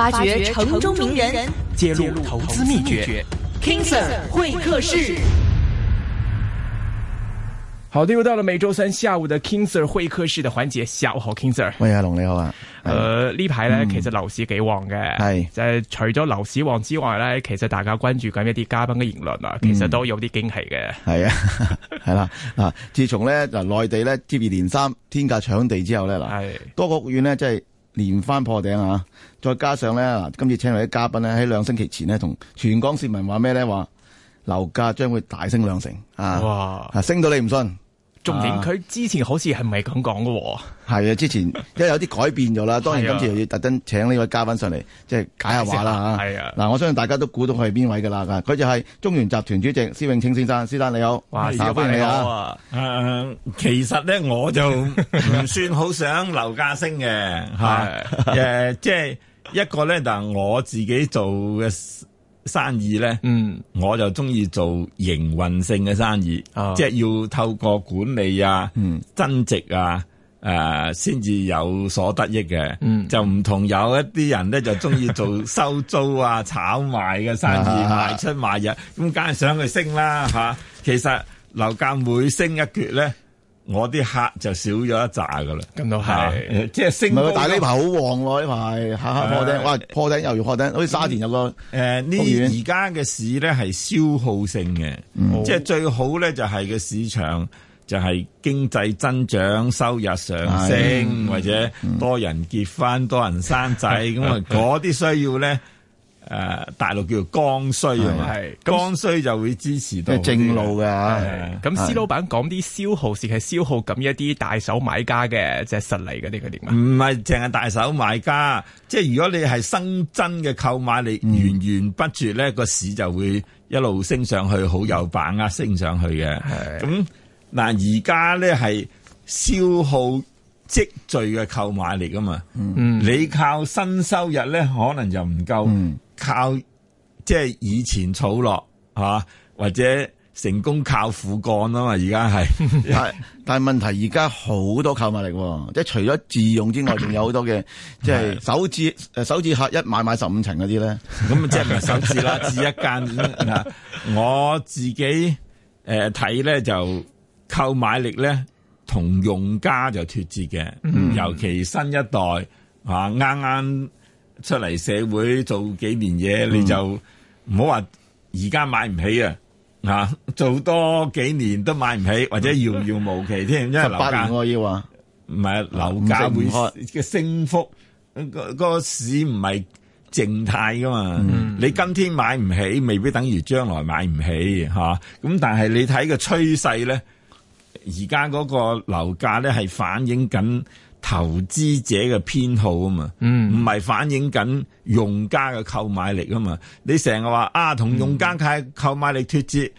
挖掘城中名人，揭露投資秘訣。秘 King Sir, King Sir 會客室，好，又到了每周三下午的 King Sir 會客室的環節。下午好，King Sir，喂，阿龍你好啊。呃呢排呢、嗯，其實樓市幾旺嘅，係即係除咗樓市旺之外呢，其實大家關注緊一啲嘉賓嘅言論啊、嗯，其實都有啲驚喜嘅。係啊，係啦啊，自從呢內內地呢，接二連三天價搶地之後呢，嗱，多個院呢，即係。連番破頂啊！再加上咧，嗱，今次請嚟啲嘉賓咧，喺兩星期前咧，同全港市民話咩咧？話樓價將會大升兩成啊！哇，啊，升到你唔信？重點佢之前好似係唔係咁講嘅喎？係啊，之前因為有啲改變咗啦。 當然今次又要特登請呢位嘉賓上嚟，即、就、係、是、解下話啦吓。係啊，嗱，我相信大家都估到佢係邊位㗎啦。佢就係中原集團主席施永青先生，施生你好。哇，久不見你啊、嗯。其實咧我就唔算好想樓價升嘅係誒，即 係、yeah, 一個咧就是、我自己做嘅。生意咧、嗯，我就中意做營運性嘅生意，啊、即係要透過管理啊、嗯、增值啊，誒、呃，先至有所得益嘅、嗯。就唔同有一啲人咧，就中意做收租啊、 炒賣嘅生意，賣出賣入，咁梗係想佢升啦吓、啊。其實樓價每升一橛咧。我啲客就少咗一紮㗎喇，咁都係，即係升，唔係，但係呢排好旺喎、啊，呢排下下破頂、呃，哇破頂，又要破頂，好、呃、似沙田有個囉。誒呢而家嘅市咧係消耗性嘅、嗯，即係最好咧就係個市場就係經濟增長、收入上升、嗯、或者多人結婚、嗯、多人生仔咁啊，嗰、嗯、啲需要咧。誒、呃，大陸叫做剛需係嘛？係剛需就會支持到正路嘅。咁施、嗯、老闆講啲消耗是係消耗咁一啲大手買家嘅，即、就、係、是、實力嗰啲，佢點啊？唔係淨係大手買家，即係如果你係新增嘅購買力源源不絕咧，嗯那個市就會一路升上去，好有把握升上去嘅。咁嗱，而家咧係消耗積聚嘅購買力啊嘛、嗯。你靠新收入咧，可能就唔夠。嗯嗯靠即係以前儲落吓、啊，或者成功靠苦幹啊嘛，而家係係，但係 問題而家好多購買力，即係除咗自用之外，仲 有好多嘅即係首置，首置客一買買十五層嗰啲咧，咁 即係唔首置啦，置 一間間。 我自己誒睇咧就購買力咧同用家就脫節嘅，尤其新一代吓啱啱。啊啱啱出嚟社會做幾年嘢你就唔好話而家買唔起啊！啊，做多幾年都買唔起或者遙遙無期添，因為樓價我要話唔係樓價會嘅升幅，個市唔係靜態噶嘛。你今天買唔起，未必等於將來買唔起，吓。咁但係你睇個趨勢咧，而家嗰個樓價咧係反映緊。投資者嘅偏好啊嘛，唔係反映緊用家嘅購買力啊嘛。你成日話啊，同用家嘅購買力脫節，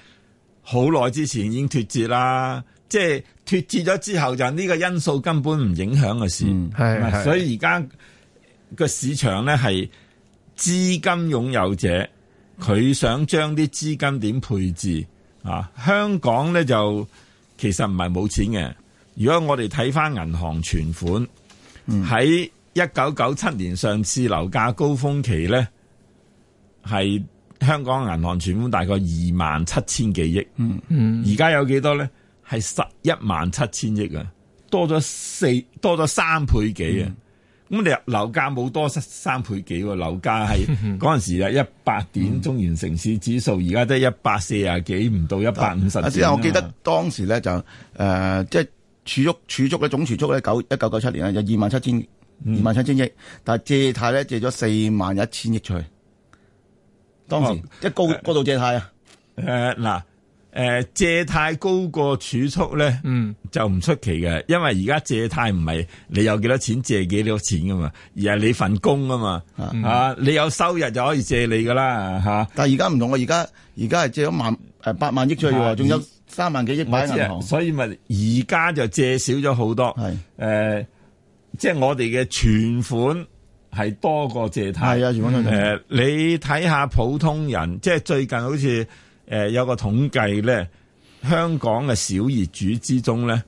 好耐之前已經脫節啦。即係脫節咗之後，就、這、呢個因素根本唔影響個市。係、嗯，所以而家個市場咧係資金擁有者，佢想將啲資金點配置啊。香港咧就其實唔係冇錢嘅。如果我哋睇翻銀行存款，喺一九九七年上次樓價高峰期咧，係香港銀行存款大概二萬七千幾億。嗯，而、嗯、家有幾多咧？係十一萬七千億啊，多咗四多咗三倍幾啊！咁、嗯、你樓價冇多三倍幾？樓價係嗰陣時啊一百點、嗯、中原城市指數，而家都係一百四啊幾唔到一百五十。我記得當時咧就誒、呃，即係。儲蓄儲蓄嘅總儲蓄咧九一九九七年有就二萬七千二萬七千億，嗯、但係借貸咧借咗四萬一千億出去。當時、哦、即係高度借貸啊！誒嗱誒，借貸高過儲蓄咧、嗯，就唔出奇嘅，因為而家借貸唔係你有幾多錢借幾多錢噶嘛，而係你份工嘛啊嘛、啊啊、你有收入就可以借你噶啦、啊、但係而家唔同，我而家而家係借咗萬誒、呃、八萬億出去喎，仲有。三萬幾億擺喺銀行，所以咪而家就借少咗好多。係，誒、呃，即係我哋嘅存款係多過借貸。係啊，存款多啲。誒，你睇下普通人，即係最近好似誒有個統計咧，香港嘅小業主之中咧，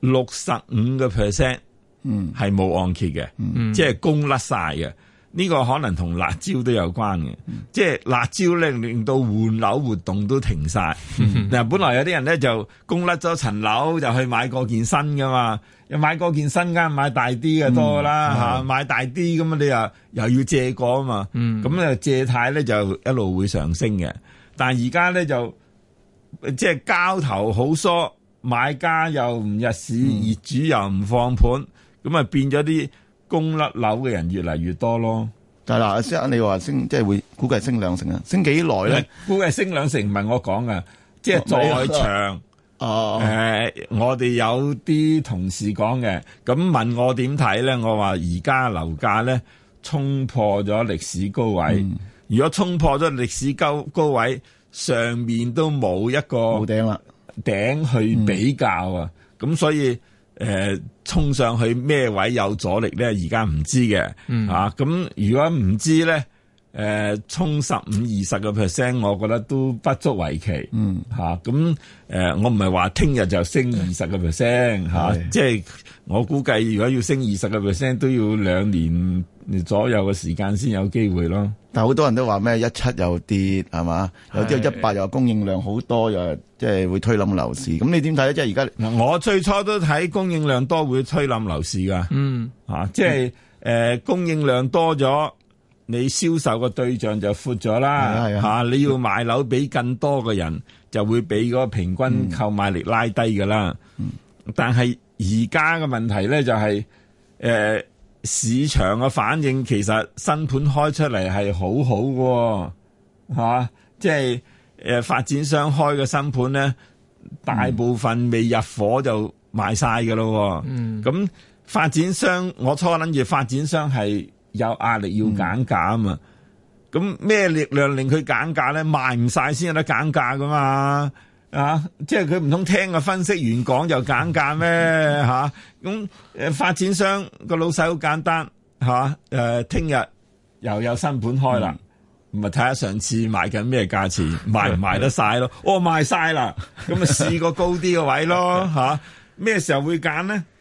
六十五個 percent，嗯，係冇按揭嘅，即係供甩晒嘅。呢、這個可能同辣椒都有關嘅、嗯，即係辣椒咧令到換樓活動都停晒。嗱、嗯，本來有啲人咧就供甩咗層樓，就去買過件新噶嘛，又買過件新，梗係買大啲嘅多啦嚇，買大啲咁、嗯、啊嘛，你又又要借過啊嘛，咁、嗯、咧借貸咧就一路會上升嘅。但而家咧就即係交投好疏，買家又唔入市，業、嗯、主又唔放盤，咁啊變咗啲。供甩樓嘅人越嚟越多咯，但係嗱，阿先生你話升，即、就、係、是、會估計升兩成啊？升幾耐咧？估計升兩成唔係我講噶，即、就、係、是、在場。哦、啊，誒、呃啊，我哋有啲同事講嘅，咁問我點睇咧？我話而家樓價咧衝破咗歷史高位，嗯、如果衝破咗歷史高高位，上面都冇一個頂啦頂去比較啊，咁、嗯、所以。誒、呃、衝上去咩位有阻力咧？而家唔知嘅，嗯，吓、啊，咁如果唔知咧？誒、呃，衝十五二十個 percent，我覺得都不足為奇。嗯，吓咁誒，我唔係話聽日就升二十個 percent，吓，即係、啊就是、我估計如果要升二十個 percent，都要兩年左右嘅時間先有機會咯。但好多人都話咩一七又跌，係嘛？有啲一八又供應量好多，又即係會推冧樓市。咁你點睇咧？即係而家我最初都睇供應量多會推冧樓市噶。嗯，吓、啊，即係誒供應量多咗。你銷售個對象就闊咗啦、啊啊啊，你要賣樓俾更多嘅人，就會俾嗰個平均購買力拉低㗎啦、嗯。但係而家嘅問題咧就係、是呃，市場嘅反應其實新盤開出嚟係好好，係、啊、嘛？即係誒、呃、發展商開嘅新盤咧，大部分未入伙就賣晒㗎咯。咁、嗯、發展商，我初諗住發展商係，有壓力要減價啊嘛，咁、嗯、咩力量令佢減價咧？賣唔晒先有得減價噶嘛，啊，即係佢唔通聽個分析員講就減價咩吓？咁、啊、誒，發展商個老細好簡單吓，誒、啊，聽、呃、日又有新盤開啦，咪睇下上次賣緊咩價錢，嗯、賣唔賣得晒咯？我、嗯哦、賣晒啦，咁咪試個高啲嘅位咯吓，咩、啊、時候會減咧？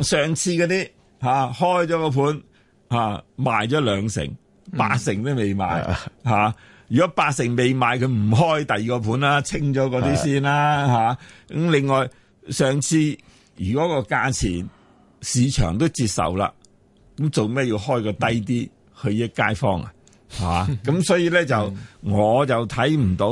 上次嗰啲吓開咗個盤。吓、啊、賣咗兩成、嗯，八成都未賣吓、啊啊。如果八成未賣，佢唔開第二個盤啦、啊，清咗嗰啲先啦、啊、吓。咁、啊啊啊、另外上次如果個價錢市場都接受啦，咁做咩要開個低啲去益街坊啊？咁、啊、啊、所以咧、啊、就我就睇唔到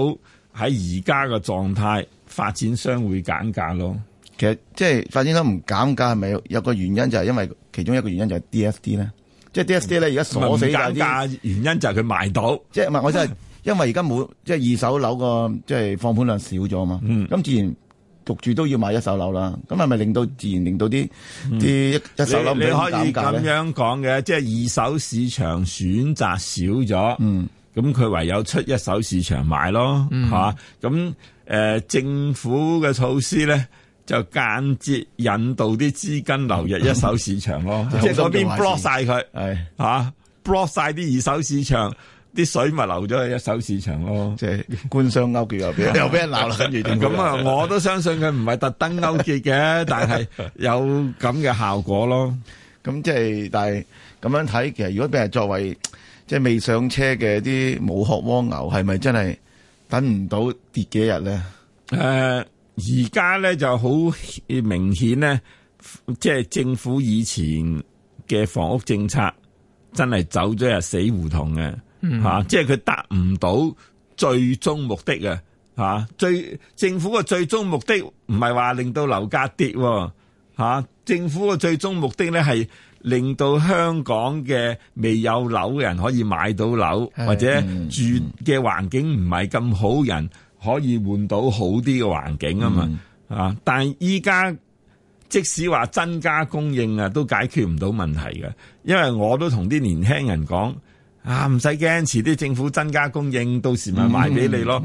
喺而家嘅狀態發展商會減價咯。其實即係發展商唔減價，係咪有個原因就係因為其中一個原因就係 D F D 咧？即係 D S D 咧，而家鎖死啦啲、嗯。原因就係佢賣到，即係唔係？我真係因為而家冇，即係二手樓個即係放盤量少咗嘛。嗯，咁自然焗住都要買一手樓啦。咁係咪令到自然令到啲啲、嗯、一手樓你，你可以咁樣講嘅，即係二手市場選擇少咗。嗯，咁佢唯有出一手市場買咯。係嘛？咁誒，政府嘅措施咧。就間接引導啲資金流入一，嗯嗯啊、一手市場咯，即係嗰邊 block 晒佢，block 晒啲二手市場，啲水物流咗去一手市場咯，即係官商勾結又俾 又俾人鬧啦， 跟住咁啊！我都相信佢唔係特登勾結嘅， 但係有咁嘅效果咯、 嗯。咁即係但係咁樣睇，其實如果俾人作為即係未上車嘅啲冇殼蝸牛，係咪真係等唔到跌幾日咧？呃而家咧就好明顯咧，即係政府以前嘅房屋政策真係走咗入死胡同嘅，吓、嗯啊，即係佢達唔到最終目的啊吓，最政府嘅最終目的唔係話令到樓價跌，吓，政府嘅最終目的咧係令，、啊、令到香港嘅未有樓嘅人可以買到樓、嗯，或者住嘅環境唔係咁好人。可以換到好啲嘅環境啊嘛、嗯，啊！但係依家即使話增加供應啊，都解決唔到問題嘅。因為我都同啲年輕人講啊，唔使驚，遲啲政府增加供應，到時咪賣俾你咯。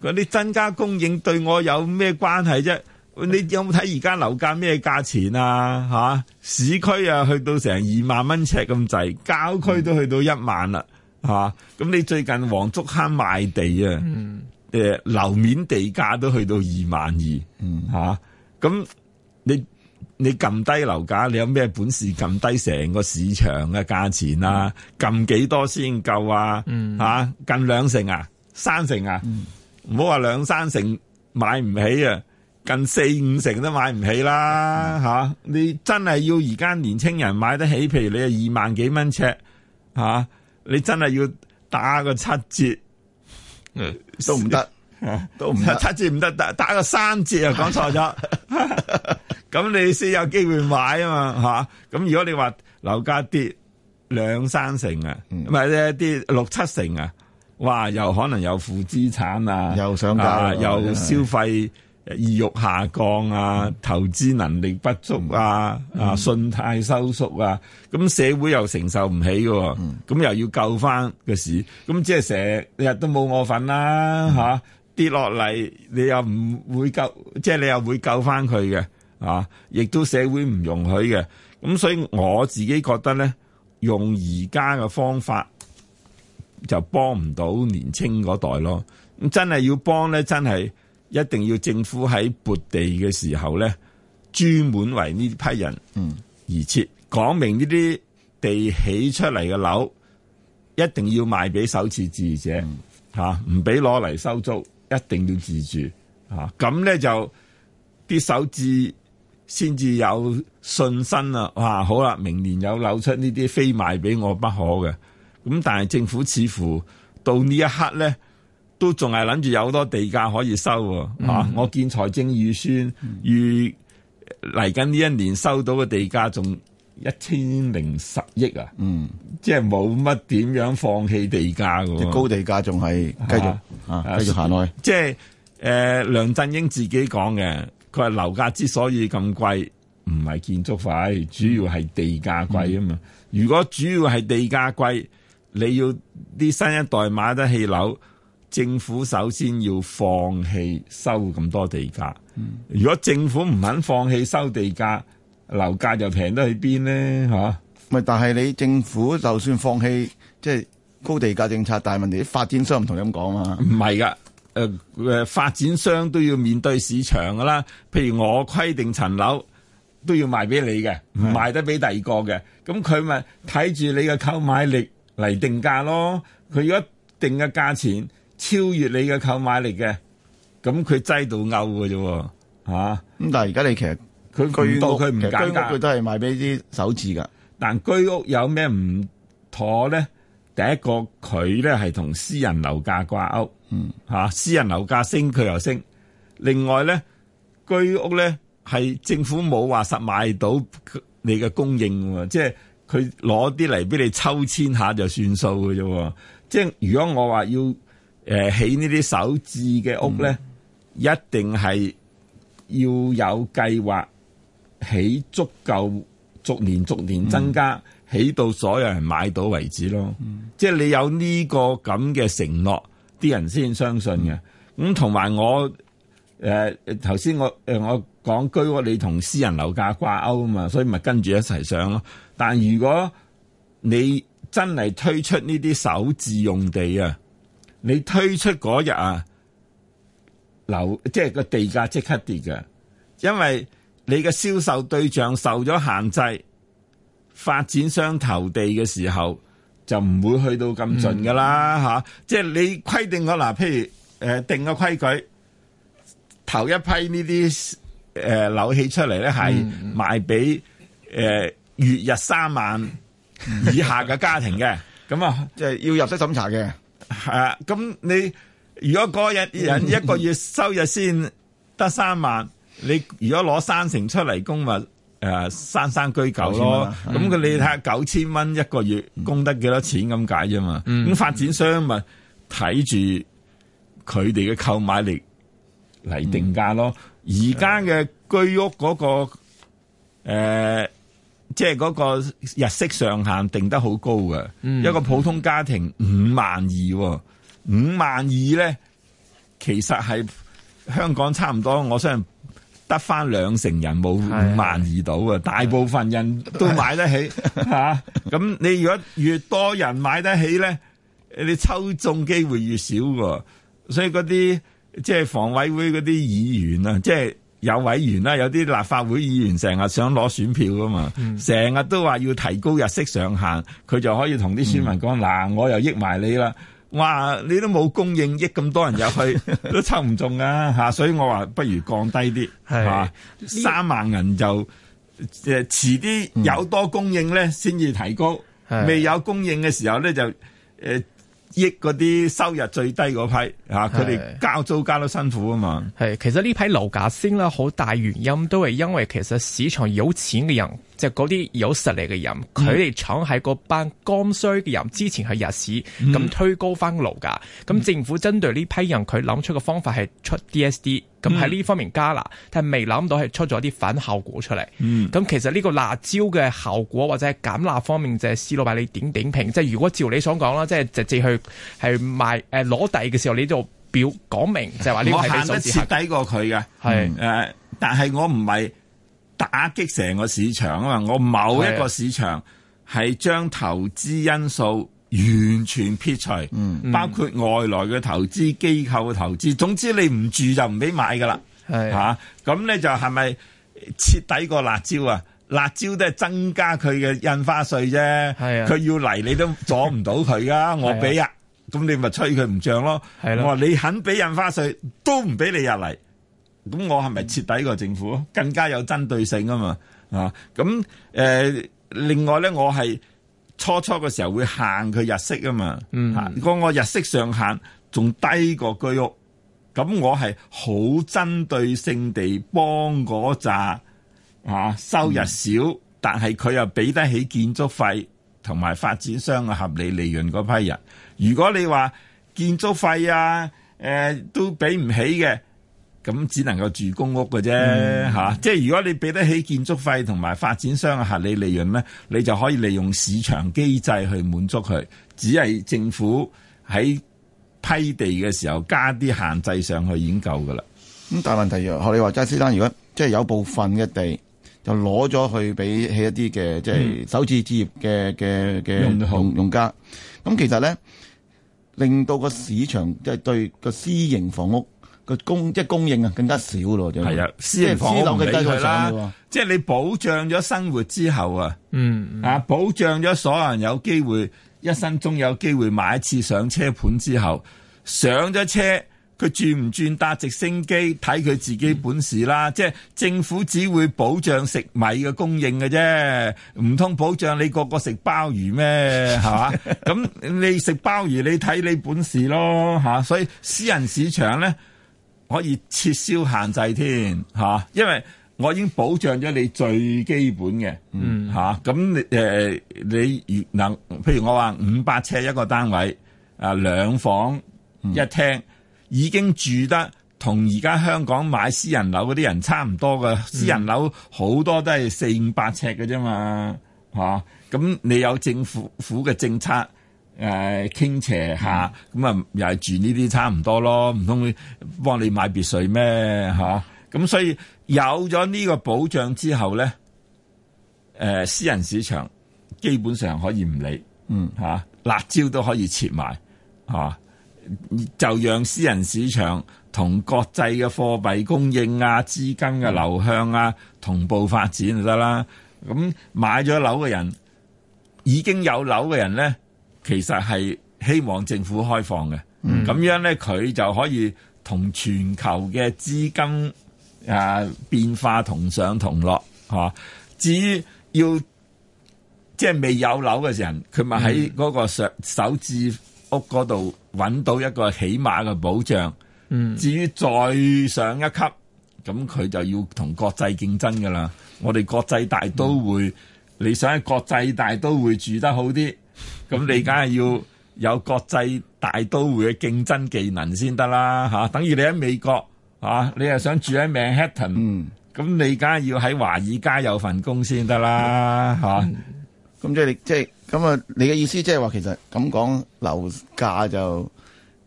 嗰、嗯、啲增加供應對我有咩關係啫？你有冇睇而家樓價咩價錢啊？嚇，市區啊，去到成二萬蚊尺咁滯，郊區都去到一萬啦。吓、啊、咁你最近黃竹坑賣地啊，誒、嗯、樓面地價都去到二萬二，吓、啊、咁你你撳低樓價，你有咩本事撳低成個市場嘅價錢啊？撳幾多先夠啊？吓、啊，近兩成啊，三成啊，唔好話兩三成買唔起啊，近四五成都買唔起啦，吓、嗯啊、你真係要而家年青人買得起，譬如你啊二萬幾蚊尺，吓、啊。你真係要打個七折，都唔得，都唔得。七折唔得，打個三折錯 啊！講錯咗，咁你先有機會買啊嘛，吓。咁如果你話樓價跌兩三成啊，唔係咧跌六七成啊，哇！又可能有負資產啊，又上價、啊，又消費。意欲下降啊，投資能力不足啊，嗯、啊，信貸收縮啊，咁社會又承受唔起喎、啊。咁、嗯、又要救翻嘅事，咁即係成日都冇我份啦、啊、嚇、嗯啊，跌落嚟你又唔會救，即係你又會救翻佢嘅啊，亦都社會唔容許嘅，咁所以我自己覺得咧，用而家嘅方法就幫唔到年青嗰代咯，咁真係要幫咧，真係。一定要政府喺撥地嘅時候咧，專門為呢批人而設，講明呢啲地起出嚟嘅樓，一定要賣俾首次置業者，吓，唔俾攞嚟收租，一定要自住，吓，咁咧就啲首次先至有信心啦。哇、啊，好啦，明年有樓出呢啲，非賣俾我不可嘅。咁但係政府似乎到呢一刻咧。都仲係諗住有好多地價可以收。吓、嗯啊、我見財政預算預嚟緊呢一年收到嘅地價仲一千零十億啊，嗯，即係冇乜點樣放棄地價喎。高地價仲係繼續啊，繼、啊、續行落去。即係誒、呃，梁振英自己講嘅，佢話樓價之所以咁貴，唔係建築費，主要係地價貴啊嘛、嗯。如果主要係地價貴，你要啲新一代買得起樓。政府首先要放棄收咁多地價、嗯。如果政府唔肯放棄收地價，樓價就平得去邊呢？嚇？但係你政府就算放棄即係、就是、高地價政策，但係問題發展商唔同咁講啊？唔係噶，誒、呃、發展商都要面對市場噶啦。譬如我規定層樓都要賣俾你嘅，唔、嗯、賣得俾第二個嘅，咁佢咪睇住你嘅購買力嚟定價咯。佢要一定嘅價錢。超越你嘅購買力嘅，咁佢制度勾㗎啫，吓、啊、咁但係而家你其實佢居屋佢唔簡單，佢都係賣俾啲首次噶。但居屋有咩唔妥咧？第一個佢咧係同私人樓價掛鈎，嗯吓、啊，私人樓價升佢又升。另外咧，居屋咧係政府冇話實買到你嘅供應、啊，即係佢攞啲嚟俾你抽籤下就算數㗎啫。即係如果我話要。誒，起呢啲首置嘅屋咧，一定係要有計劃，起足夠逐年逐年增加，起到所有人買到為止咯、嗯。即係你有呢個咁嘅承諾，啲人先相信嘅。咁同埋我誒，頭、呃、先我誒、呃，我講居屋你同私人樓價掛鈎啊嘛，所以咪跟住一齊上咯。但如果你真係推出呢啲首置用地啊～你推出嗰日啊，樓即係個地價即刻跌㗎！因為你嘅銷售對象受咗限制，發展商投地嘅時候就唔會去到咁盡噶啦吓，即係你規定我嗱，譬如誒、呃、定個規矩，頭一批呢啲誒樓起出嚟咧係賣俾誒、呃、月入三萬以下嘅家庭嘅，咁 啊即係、就是、要入息審查嘅。係、嗯、啊，咁你如果嗰日人一個月收入先得三萬，你如果攞三成出嚟供物，誒、呃，三三如九咯，咁佢你睇下九千蚊一個月供得幾多錢咁解啫嘛，咁、嗯、發展商咪睇住佢哋嘅購買力嚟定價咯，而家嘅居屋嗰、那個誒。呃即係嗰個日息上限定得好高嘅、嗯，一個普通家庭五萬二，五萬二咧，其實係香港差唔多，我相信得翻兩成人冇五萬二到嘅，大部分人都買得起吓。咁、啊啊、 你如果越多人買得起咧，你抽中機會越少，所以嗰啲即係房委會嗰啲議員啊，即係。有委員啦，有啲立法會議員成日想攞選票噶嘛，成日都話要提高日息上限，佢就可以同啲選民講，嗱、嗯啊、我又益埋你啦。哇！你都冇供應，益咁多人入去 都抽唔中啊，所以我話不如降低啲係、啊、三萬銀就、嗯、遲啲有多供應咧，先至提高。未有供應嘅時候咧，就、呃億嗰啲收入最低嗰批吓，啊，佢哋交租交都辛苦啊嘛。係其實呢批樓價升咧，好大原因都係因為其實市場有錢嘅人。就嗰啲有實力嘅人，佢、嗯、哋搶喺嗰班剛需嘅人之前去入市，咁、嗯、推高翻樓價。咁、嗯、政府針對呢批人，佢諗出嘅方法係出 DSD，咁喺呢方面加辣，但係未諗到係出咗啲反效果出嚟。咁、嗯、其實呢個辣椒嘅效果或者係減辣方面，就係施老闆你點點評？即係如果照你所講啦，即係直接去係賣誒攞、呃、地嘅時候，你就表講明，就係話呢？我喊得蝕底過佢嘅，係、呃、但係我唔係。打擊成個市場啊嘛！我某一個市場係將投資因素完全撇除，嗯、包括外來嘅投資機構嘅投資。總之你唔住就唔俾買噶啦，吓，咁咧就係咪徹底個辣椒啊？辣椒都係增加佢嘅印花稅啫，佢要嚟你都阻唔到佢噶。我俾啊，咁你咪吹佢唔漲咯。我話你肯俾印花稅都唔俾你入嚟。咁我係咪徹底個政府？更加有針對性啊嘛！啊，咁誒、呃，另外咧，我係初初嘅時候會限佢入息啊嘛。嗯，如果我入息上限仲低過居屋，咁我係好針對性地幫嗰扎啊收入少，嗯、但係佢又俾得起建築費同埋發展商嘅合理利潤嗰批人。如果你話建築費啊誒、呃、都俾唔起嘅。咁只能夠住公屋嘅啫，吓、嗯啊，即係如果你俾得起建築費同埋發展商嘅合理利潤咧，你就可以利用市場機制去滿足佢。只係政府喺批地嘅時候加啲限制上去已經夠㗎啦。咁但係問題又，學你話齋，先生，如果即係有部分嘅地就攞咗去俾起一啲嘅、嗯、即係首次置業嘅嘅嘅用用，用家，咁其實咧令到個市場即係對個私營房屋。個供即係供應啊，更加少咯。係啊，私人房屋唔俾佢啦。即係你保障咗生活之後啊，嗯啊、嗯，保障咗所有人有機會一生中有機會買一次上車盤之後，上咗車佢轉唔轉搭直升機睇佢自己本事啦、嗯。即係政府只會保障食米嘅供應嘅啫，唔通保障你個個食鮑魚咩？係 嘛？咁你食鮑魚你睇你本事咯，吓。所以私人市場咧。可以撤銷限制添，因為我已經保障咗你最基本嘅，嚇、嗯！咁、啊、你能譬、呃、如我話五百尺一個單位，啊，兩房一廳、嗯、已經住得同而家香港買私人樓嗰啲人差唔多㗎、嗯，私人樓好多都係四五百尺嘅啫嘛，嚇、啊！咁你有政府府嘅政策。誒傾斜下，咁啊又係住呢啲差唔多咯，唔通幫你買別墅咩吓？咁所以有咗呢個保障之後咧，誒私人市場基本上可以唔理，嗯吓，辣椒都可以切埋，吓，就讓私人市場同國際嘅貨幣供應啊、資金嘅流向啊同步發展就得啦。咁買咗樓嘅人，已經有樓嘅人咧。其實係希望政府開放嘅，咁、嗯、樣咧佢就可以同全球嘅資金啊變化同上同落，吓、啊。至於要即係未有樓嘅人，佢咪喺嗰個上首置屋嗰度揾到一個起碼嘅保障。嗯，至於再上一級，咁佢就要同國際競爭㗎喇。我哋國際大都會，嗯、你想喺國際大都會住得好啲？咁你梗係要有國際大都會嘅競爭技能先得啦吓，等於你喺美國、啊、你又想住喺 Manhattan，咁、嗯、你梗係要喺華爾街有份工先得啦吓。咁即係即係咁啊？嗯、你嘅意思即係話其實咁講樓價就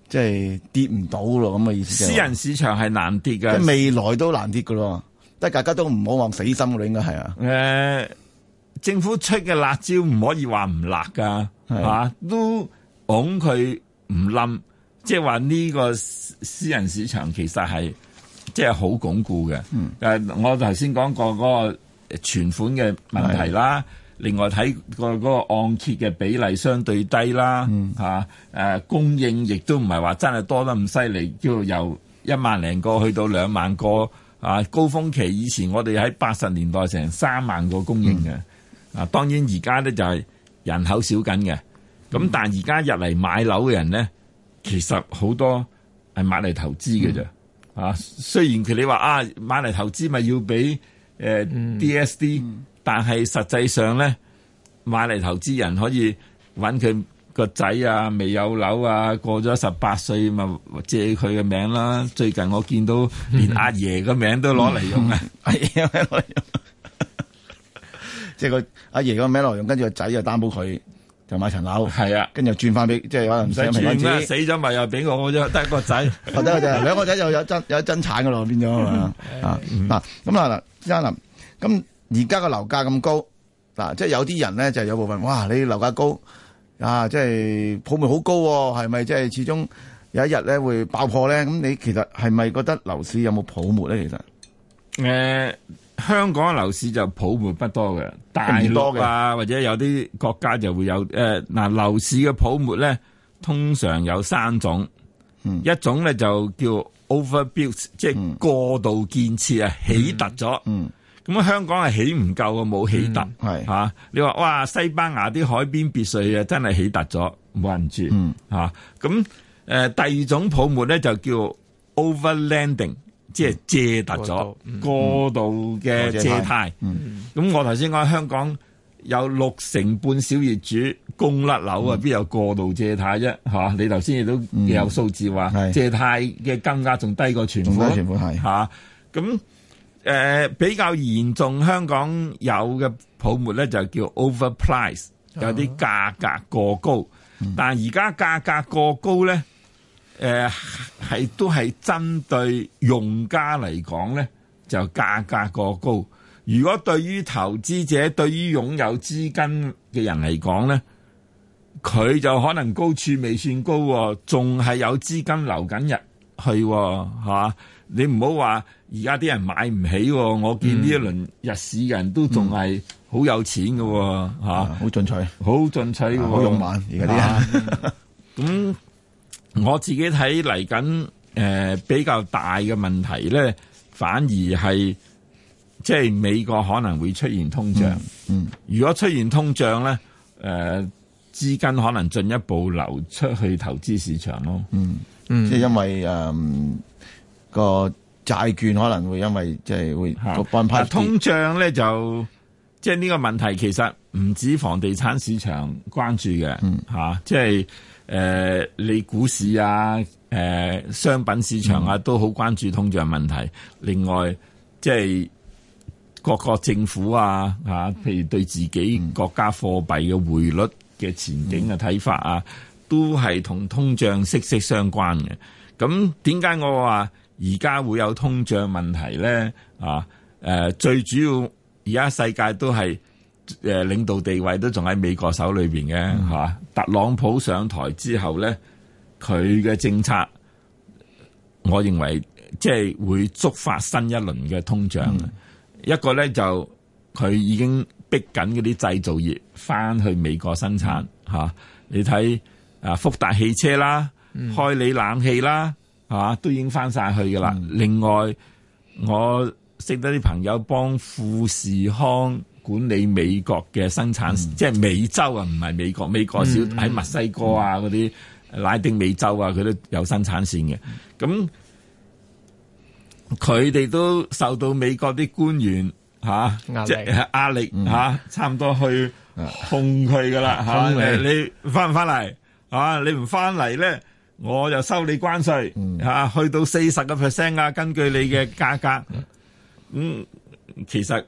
即係、就是、跌唔到咯，咁嘅意思。私人市場係難跌嘅，未來都難跌噶咯，即係大家都唔好話死心咯，你應該係啊。呃政府出嘅辣招唔可以話唔辣噶，嚇、啊、都拱佢唔冧，即係話呢個私人市場其實係即係好鞏固嘅、嗯啊。我頭先講過嗰個存款嘅問題啦，另外睇個嗰個按揭嘅比例相對低啦，嚇、嗯、誒、啊啊、供應亦都唔係話真係多得咁犀利，叫做由一萬零個去到兩萬個啊。高峰期以前我哋喺八十年代成三萬個供應嘅。嗯啊，當然而家咧就係、是、人口少緊嘅，咁、嗯、但而家入嚟買樓嘅人咧，其實好多係買嚟投資嘅啫、嗯。啊，雖然佢你話啊買嚟投資咪要俾、呃嗯、DSD、嗯、但係實際上咧買嚟投資人可以揾佢個仔啊，未有樓啊，過咗十八歲咪借佢嘅名啦。最近我見到連阿爺嘅名都攞嚟用啊，係攞用。 啊 即係個阿爺個名嚟用，跟住個仔就擔保佢就買層樓，係啊，跟住又轉翻俾，即係可能唔使、啊。死咗咪又俾我啫？得 一個仔，得、 哦、個仔，兩 個仔又有爭，有爭產噶咯，變咗、嗯嗯、啊，嗯嗯啊！啊，嗱，咁啊嗱，林，咁而家個樓價咁高，嗱，即係有啲人咧就是、有部分哇，你樓價高啊，即、就、係、是、泡沫好高喎，係咪即係始終有一日咧會爆破咧？咁你其實係咪覺得樓市有冇泡沫咧？其實，誒。香港嘅樓市就泡沫不多嘅。大陸啊，或者有啲國家就會有誒嗱，呃、樓市嘅泡沫咧，通常有三種，嗯、一種咧就叫 overbuilt，、嗯、即係過度建設、嗯嗯嗯、啊，起突咗，咁啊香港係起唔夠啊，冇起突，吓你話哇，西班牙啲海邊別墅啊，真係起突咗，冇人住，吓咁誒，第二種泡沫咧就叫 overlanding。即係借突咗過度嘅借貸，咁、嗯嗯、我頭先講香港有六成半小業主供甩樓啊，嗯、邊有過度借貸啫、啊？你頭先亦都有數字話，嗯、借貸嘅金額仲低過存款，嚇！咁、啊呃、比較嚴重，香港有嘅泡沫咧就叫 overpriced，、嗯、有啲價格過高，嗯、但而家價格過高咧。誒、呃，係都係針對用家嚟講咧，就價格過高。如果對於投資者、對於擁有資金嘅人嚟講咧，佢就可能高處未算高、哦，仲係有資金流緊入去、哦，吓、啊、你唔好話而家啲人買唔起、哦嗯。我見呢一輪入市嘅人都仲係好有錢噶、哦，吓好進取，好進取，好、啊、用、哦啊、猛而家啲人咁。 我自己睇嚟緊誒比較大嘅問題咧，反而係即係美國可能會出現通脹、嗯。嗯，如果出現通脹咧，誒、呃、資金可能進一步流出去投資市場咯。嗯嗯，即係因為誒、呃、個債券可能會因為即係會個崩拋。嗯、通脹咧就即係呢個問題，其實唔止房地產市場關注嘅。吓、嗯啊，即係。誒、呃，你股市啊，誒、呃，商品市場啊，都好關注通脹問題，嗯。另外，即、就、係、是，各國政府啊，吓、啊，譬如對自己國家貨幣嘅匯率嘅前景嘅睇法啊，啊都係同通脹息息相關嘅。咁點解我話而家會有通脹問題咧？啊，誒、呃，最主要而家世界都係。誒，領導地位都仲喺美國手裏邊嘅，特朗普上台之後咧，佢嘅政策，我認為即係會觸發新一輪嘅通脹。嗯、一個咧就佢已經逼緊嗰啲製造業翻去美國生產，吓你睇啊，福特汽車啦、嗯，開利冷氣啦，係、啊、嘛，都已經翻晒去㗎啦、嗯。另外，我識得啲朋友幫富士康管理美國嘅生產線，嗯、即係美洲啊，唔係美國，美國小喺、嗯、墨西哥啊，嗰、嗯、啲拉丁美洲啊，佢都有生產線嘅。咁佢哋都受到美國啲官員嚇壓力、啊、即係壓力嚇、嗯啊，差唔多去控佢噶啦嚇。你你翻唔翻嚟啊？你唔翻嚟咧，我就收你關稅嚇，去到四十個 percent 啊，根據你嘅價格。咁、嗯、其實。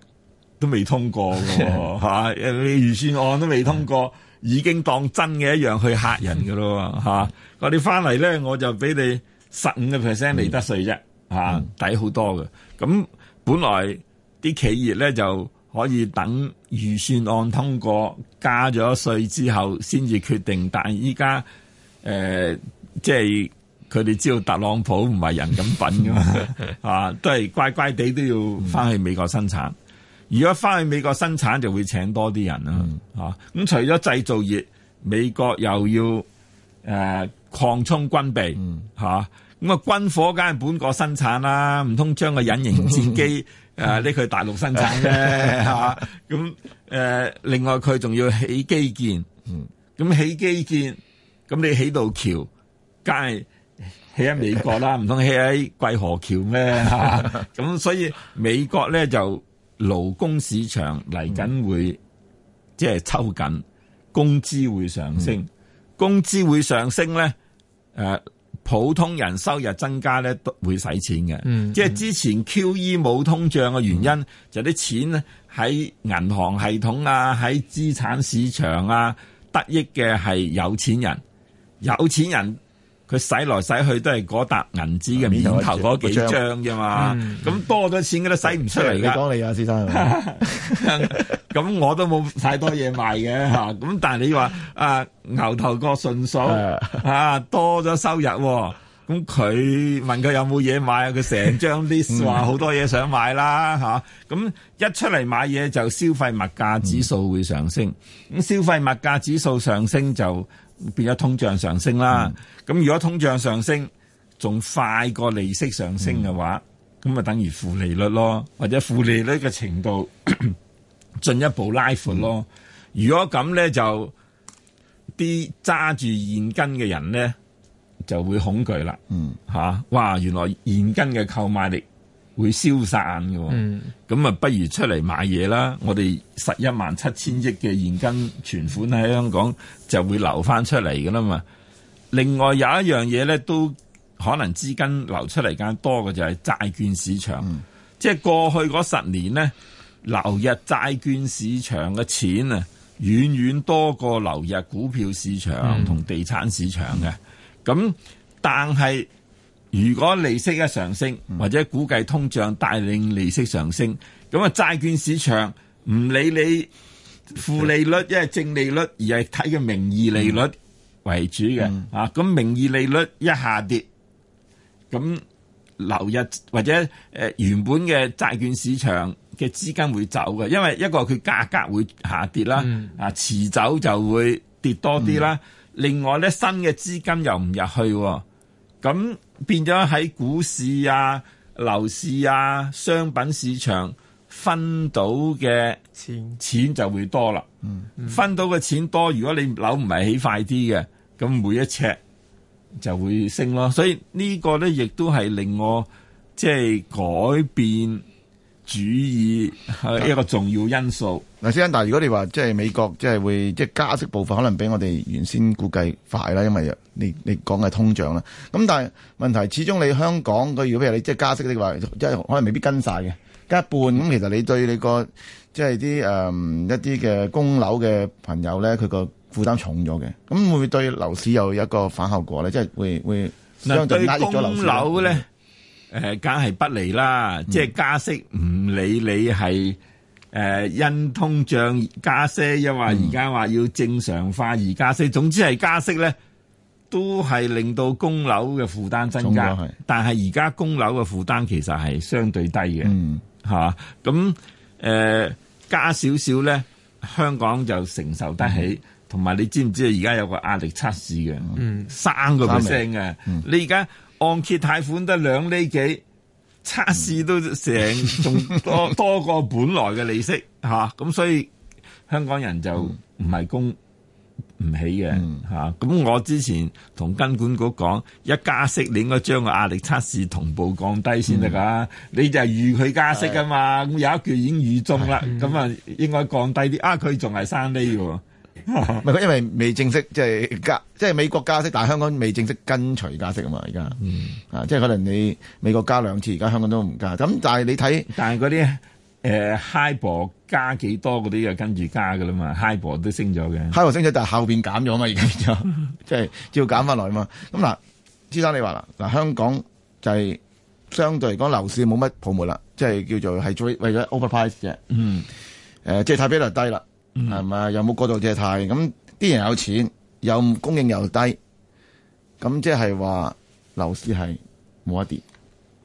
都未通過嘅，吓、 啊，誒，預算案都未通過， 已經當真嘅一樣去嚇人嘅咯，吓、啊。我哋翻嚟咧，我就俾你十五個 percent 利得稅啫，吓、啊，抵 好多嘅。咁本來啲企業咧就可以等預算案通過，加咗稅之後先至決定，但係依家誒，即係佢哋知道特朗普唔係人咁品嘅嘛， 啊，都係乖乖地都要翻去美國生產。 嗯嗯.如果翻去美國生產，就會請多啲人啦，咁、嗯啊、除咗製造業，美國又要誒、呃、擴充軍備咁、嗯、啊，軍火梗係本國生產啦，唔通將個隱形戰機誒拎、嗯啊、去大陸生產咩？咁誒，另外佢仲要起基建，咁、嗯啊、起基建咁你起道橋，梗係起喺美國啦，唔 通起喺桂河橋咩？咁、 啊、所以美國咧就。勞工市場嚟緊會即係抽緊，工資會上升，工資會上升咧。誒，普通人收入增加咧，都會使錢嘅。即係之前 QE 冇通脹嘅原因，就啲錢咧喺銀行系統啊，喺資產市場啊，得益嘅係有錢人，有錢人。佢使來使去都係嗰沓銀紙嘅面頭嗰幾張啫嘛，咁、嗯、多咗錢佢都使唔出嚟嘅。當、嗯、你、嗯、啊，先生咁我都冇太多嘢賣嘅吓，咁 但係你話啊牛頭角順嫂啊多咗收入，咁、啊、佢問佢有冇嘢買，佢成張 list 話好多嘢想買啦吓，咁、啊、一出嚟買嘢就消費物價指數會上升，咁、嗯、消費物價指數上升就。變咗通脹上升啦，咁、嗯、如果通脹上升仲快過利息上升嘅話，咁、嗯、咪等於負利率咯，或者負利率嘅程度咳咳進一步拉闊咯。嗯、如果咁咧，就啲揸住現金嘅人咧就會恐懼啦。嗯、吓、啊？哇，原來現金嘅購買力。會消散嘅，咁、嗯、啊不如出嚟買嘢啦！我哋十一萬七千億嘅現金存款喺香港就會流翻出嚟噶啦嘛。另外有一樣嘢咧，都可能資金流出嚟間多嘅就係、是、債券市場，即、嗯、係、就是、過去嗰十年呢，流入債券市場嘅錢啊，遠遠多過流入股票市場同地產市場嘅。咁、嗯、但係。如果利息一上升，或者估計通脹帶領利息上升，咁啊債券市場唔理你負利率，一係正利率，而係睇個名義利率為主嘅、嗯、啊。咁名義利率一下跌，咁流入或者、呃、原本嘅債券市場嘅資金會走嘅，因為一個佢價格會下跌啦、嗯，啊，遲走就會跌多啲啦、嗯。另外咧，新嘅資金又唔入去，咁、啊。那變咗喺股市啊、樓市啊、商品市場分到嘅錢錢就會多啦。嗯，分到嘅錢多，如果你樓唔係起快啲嘅，咁每一尺就會升咯。所以呢個咧，亦都係令我即係改變。主意係一個重要因素。嗱，先，但如果你話即係美國即係會即係加息步伐，可能比我哋原先估計快啦，因為你你講嘅通脹啦。咁但係問題始終你香港佢如果譬如你即係加息的話，你話即係可能未必跟晒嘅，加一半咁，其實你對你個即係啲誒一啲嘅供樓嘅朋友咧，佢個負擔重咗嘅。咁會唔會對樓市又有一個反效果咧，即係會會相對壓抑咗樓市。誒、呃，梗係不利啦，嗯！即係加息，唔理你係誒、呃、因通脹加息，因為而家話要正常化而加息，嗯、總之係加息咧，都係令到供樓嘅負擔增加。但係而家供樓嘅負擔其實係相對低嘅，吓，咁誒加少少咧，香港就承受得起。同、嗯、埋你知唔知、嗯、啊？而家有個壓力測試嘅，三個 percent 嘅，你而家。按揭貸款得兩厘幾，測試都成仲多多過本來嘅利息吓，咁、 啊、所以香港人就唔係供唔起嘅吓。咁、嗯啊、我之前同金管局講，一加息你應該將個壓力測試同步降低先得噶。你就預佢加息噶嘛，咁有一句已經預中啦，咁啊應該降低啲啊，佢仲係三厘㗎。唔、哦、係，因為未正式即係加，即係美國加息，但係香港未正式跟隨加息啊嘛，而家、嗯，啊，即係可能你美國加兩次，而家香港都唔加，咁但係你睇，但係嗰啲誒 high 博加幾多嗰啲就跟住加噶啦嘛，high 博都升咗嘅，high 博升咗，但係後邊減咗嘛，而家 即係要減翻來啊嘛，咁、嗯、嗱，施生你話啦，嗱香港就係相對嚟講樓市冇乜泡沫啦，即、就、係、是、叫做係最為咗 overprice 嘅，嗯，誒、呃，即係太比例低啦。係咪有冇過度借貸？咁啲人有錢，又供應又低，咁即係話樓市係冇得跌，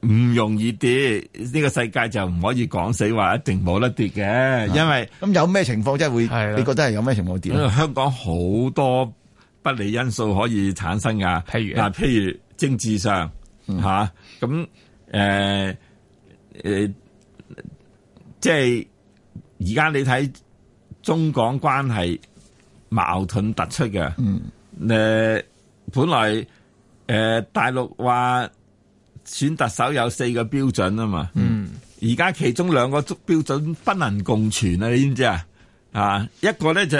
唔容易跌。呢個世界就唔可以講死話一定冇得跌嘅，因為咁有咩情況即係會？你覺得係有咩情況跌？因為香港好多不利因素可以產生噶，嗱，譬如政治上吓，咁誒誒，即係而家你睇。中港關係矛盾突出嘅，誒、嗯呃，本來誒、呃、大陸話選特首有四個標準啊嘛，而、嗯、家其中兩個標準不能共存啊，你知唔知啊？啊，一個咧就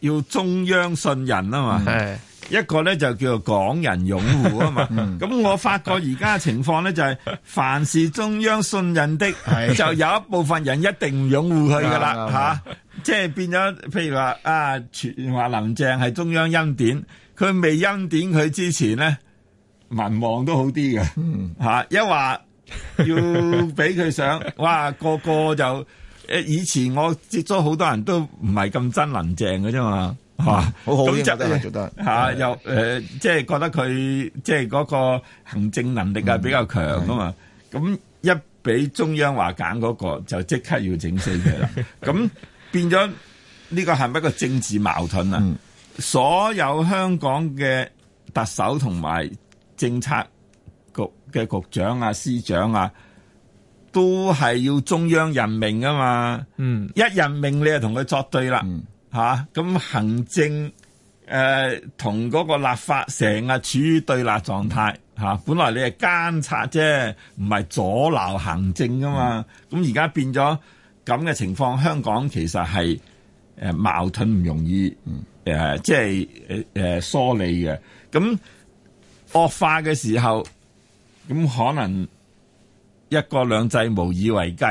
要中央信人啊嘛。係。一個咧就叫做港人擁護啊嘛，咁、 嗯、我發覺而家情況咧就係、是，凡是中央信任的， 就有一部分人一定唔擁護佢噶啦吓，即係變咗，譬如話啊，傳話林鄭係中央欽點，佢未欽點佢之前咧，民望都好啲嘅吓，一 話、啊、要俾佢上，哇個個就，以前我接觸好多人都唔係咁憎林鄭㗎啫嘛。係、嗯、嘛，啊、好好做得，做得吓又誒，即、呃、係、就是、覺得佢即係個行政能力係比較強噶嘛。咁、嗯、一俾中央話揀嗰個，就即刻要整死佢啦。咁 變咗呢、這個係咪一個政治矛盾啊、嗯？所有香港嘅特首同埋政策局嘅局長啊、司長啊，都係要中央任命噶嘛。嗯，一任命你就同佢作對啦。嗯吓，咁行政誒、呃、同嗰個立法成日處於對立狀態吓，本來你係監察啫，唔係阻撓行政噶嘛。咁而家變咗咁嘅情況，香港其實係誒矛盾唔容易誒、呃，即係誒誒梳理嘅。咁惡化嘅時候，咁可能一國兩制無以為繼。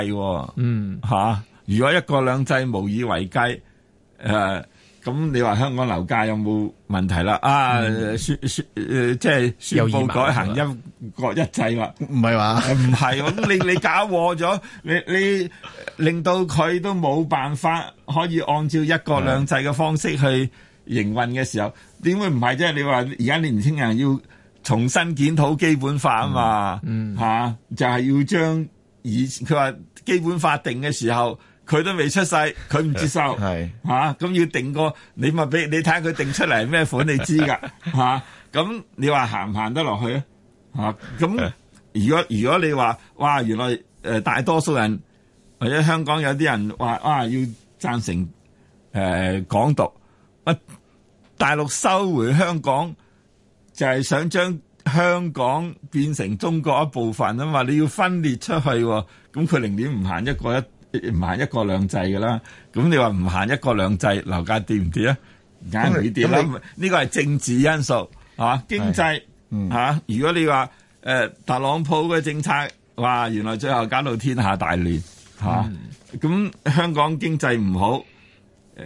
嗯吓、啊，如果一國兩制無以為繼。誒、啊，咁你話香港樓價有冇問題啦？啊，嗯、宣宣誒、呃，即係宣布改行一國一制嘛？唔係嘛？唔係，咁、啊、 你你搞錯咗，你你令到佢都冇辦法可以按照一國兩制嘅方式去營運嘅時候，點會唔係啫？你話而家年輕人要重新檢討基本法啊嘛，吓、嗯嗯啊、就係、是、要將以佢話基本法定嘅時候。佢都未出世，佢唔接受咁、 啊、要定個你咪俾你睇下佢定出嚟咩款，你知噶咁、 啊、你話行唔行得落去咁、啊、如果如果你話哇，原來大多數人或者香港有啲人話哇，要贊成誒、呃、港獨，大陸收回香港就係想將香港變成中國一部分啊嘛？你要分裂出去喎，咁佢寧願唔行一個一。唔行一國兩制㗎啦，咁你話唔行一國兩制，樓價跌唔跌啊？梗係會跌啦，呢個係政治因素，吓、啊、經濟吓、嗯啊。如果你話誒、呃、特朗普嘅政策，哇，原來最後搞到天下大亂，吓、啊、咁、嗯啊、香港經濟唔好，